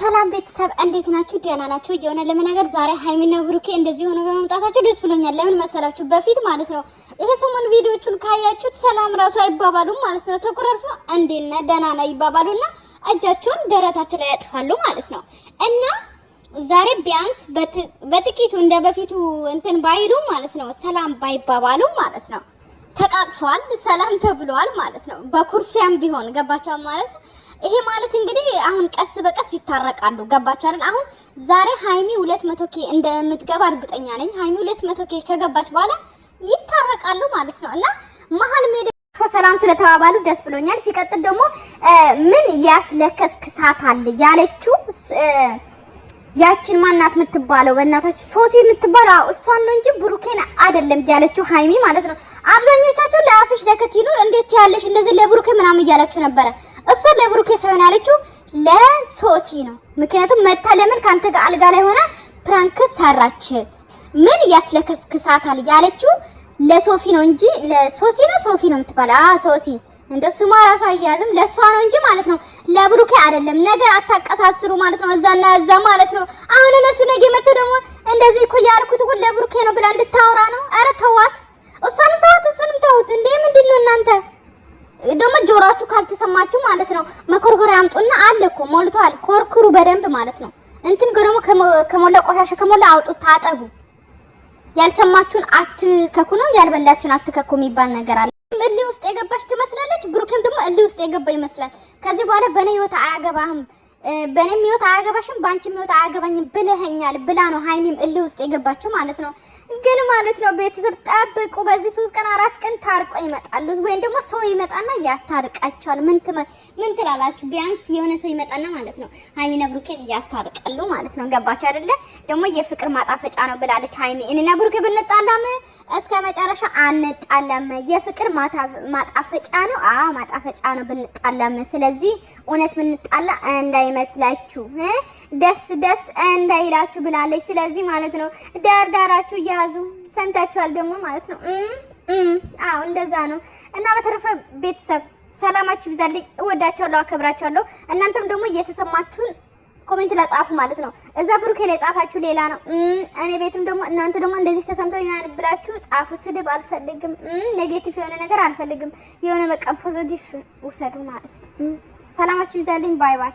ሰላም ቤተሰብ እንዴት ናችሁ? ደህና ናችሁ? የሆነ ለመናገር ዛሬ ሀይሚና ብሩኬ እንደዚህ ሆኖ በመምጣታችሁ ደስ ብሎኛል። ለምን መሰላችሁ? በፊት ማለት ነው ይሄ ሰሞን ቪዲዮቹን ካያችሁት ሰላም ራሱ አይባባሉም ማለት ነው። ተቆራርፎ እንዴት ደህና ነህ ይባባሉና እጃቸውን ደረታቸው ላይ ያጥፋሉ ማለት ነው። እና ዛሬ ቢያንስ በጥቂቱ እንደ በፊቱ እንትን ባይሉ ማለት ነው ሰላም ባይባባሉ ማለት ነው ተቃቅፏል፣ ሰላም ተብሏል ማለት ነው። በኩርፊያም ቢሆን ገባቸዋል ማለት ይሄ ማለት እንግዲህ አሁን ቀስ በቀስ ይታረቃሉ። ገባቸው አይደል? አሁን ዛሬ ሃይሚ 200 ኬ እንደምትገባ እርግጠኛ ነኝ። ሃይሚ 200 ኬ ከገባች በኋላ ይታረቃሉ ማለት ነው እና መሀል ሜዳ ሰላም ስለተባባሉ ደስ ብሎኛል። ሲቀጥል ደግሞ ምን አለ ያለችው ያችን ማናት የምትባለው በእናታችሁ ሶሲ የምትባለው እሷን ነው እንጂ ብሩኬን አይደለም እያለችው ሀይሚ ማለት ነው። አብዛኞቻችሁ ለአፍሽ ለከት ይኑር እንዴት ያለሽ እንደዚህ ለብሩኬ ምናምን እያላችሁ ነበረ። እሷ ለብሩኬ ሳይሆን ያለችው ለሶሲ ነው። ምክንያቱም መታ ለምን ከአንተ ጋር አልጋ ላይ ሆነ ፕራንክ ሰራች ምን ያስለከስክሳታል ያለችው ለሶፊ ነው እንጂ ለሶሲ ነው ሶፊ ነው የምትባለው። አ ሶሲ እንደ ስሟ ራሱ አያያዝም ለሷ ነው እንጂ ማለት ነው ለብሩኬ አይደለም። ነገር አታቀሳስሩ ማለት ነው እዛና እዛ ማለት ነው። አሁን እነሱ ነገ መጥተው ደግሞ እንደዚህ እኮ ያልኩት ሁሉ ለብሩኬ ነው ብላ እንድታወራ ነው። አረ ተዋት፣ እሷንም ተዋት፣ እሱንም ተዋት እንዴ ምንድን ነው እናንተ ደግሞ ጆሮአችሁ ካልተሰማችሁ ማለት ነው መኮርኮሪያ አምጡና አለ እኮ ሞልቷል። ኮርኩሩ በደንብ ማለት ነው እንትን ደግሞ ከሞላ ቆሻሻ ከሞላ አውጡት ታጠቡ። ያልሰማችሁን አትከኩ ነው፣ ያልበላችሁን አትከኩ የሚባል ነገር አለ። እልህ ውስጥ የገባች ትመስላለች፣ ብሩኬም ደግሞ እልህ ውስጥ የገባ ይመስላል። ከዚህ በኋላ በእኔ ህይወት አያገባህም በእኔ የሚወጣ አያገባሽም በአንቺ የሚወጣ አያገባኝም ብለኸኛል ብላ ነው ሀይሚም እልህ ውስጥ የገባችው ማለት ነው። ግን ማለት ነው ቤተሰብ ጠብቁ። በዚህ ሶስት ቀን አራት ቀን ታርቆ ይመጣሉ፣ ወይም ደግሞ ሰው ይመጣና ያስታርቃቸዋል። ምን ትላላችሁ? ቢያንስ የሆነ ሰው ይመጣና ማለት ነው ሀይሚ ነብሩኬን እያስታርቃሉ ማለት ነው። ገባችሁ አይደለ? ደግሞ የፍቅር ማጣፈጫ ነው ብላለች ሀይሚ። እኔ ነብሩኬ ብንጣላም እስከ መጨረሻ አንጣለም፣ የፍቅር ማጣፈጫ ነው። አዎ ማጣፈጫ ነው ብንጣላም። ስለዚህ እውነት ብንጣላ እንዳይ እንዳይመስላችሁ ደስ ደስ እንዳይላችሁ ብላለች። ስለዚህ ማለት ነው ዳርዳራችሁ እያያዙ ሰምታችኋል ደግሞ ማለት ነው። አዎ እንደዛ ነው እና በተረፈ ቤተሰብ ሰላማችሁ ይብዛልኝ። እወዳችኋለሁ፣ አከብራችኋለሁ። እናንተም ደግሞ እየተሰማችሁን ኮሜንት ላይ ጻፉ ማለት ነው። እዛ ብሩኬ ላይ ጻፋችሁ ሌላ ነው። እኔ ቤትም ደግሞ እናንተ ደግሞ እንደዚህ ተሰምቶኛል ብላችሁ ጻፉ። ስድብ አልፈልግም፣ ኔጌቲቭ የሆነ ነገር አልፈልግም። የሆነ በቃ ፖዚቲቭ ውሰዱ ማለት ነው። ሰላማችሁ ይብዛልኝ። ባይ ባይ።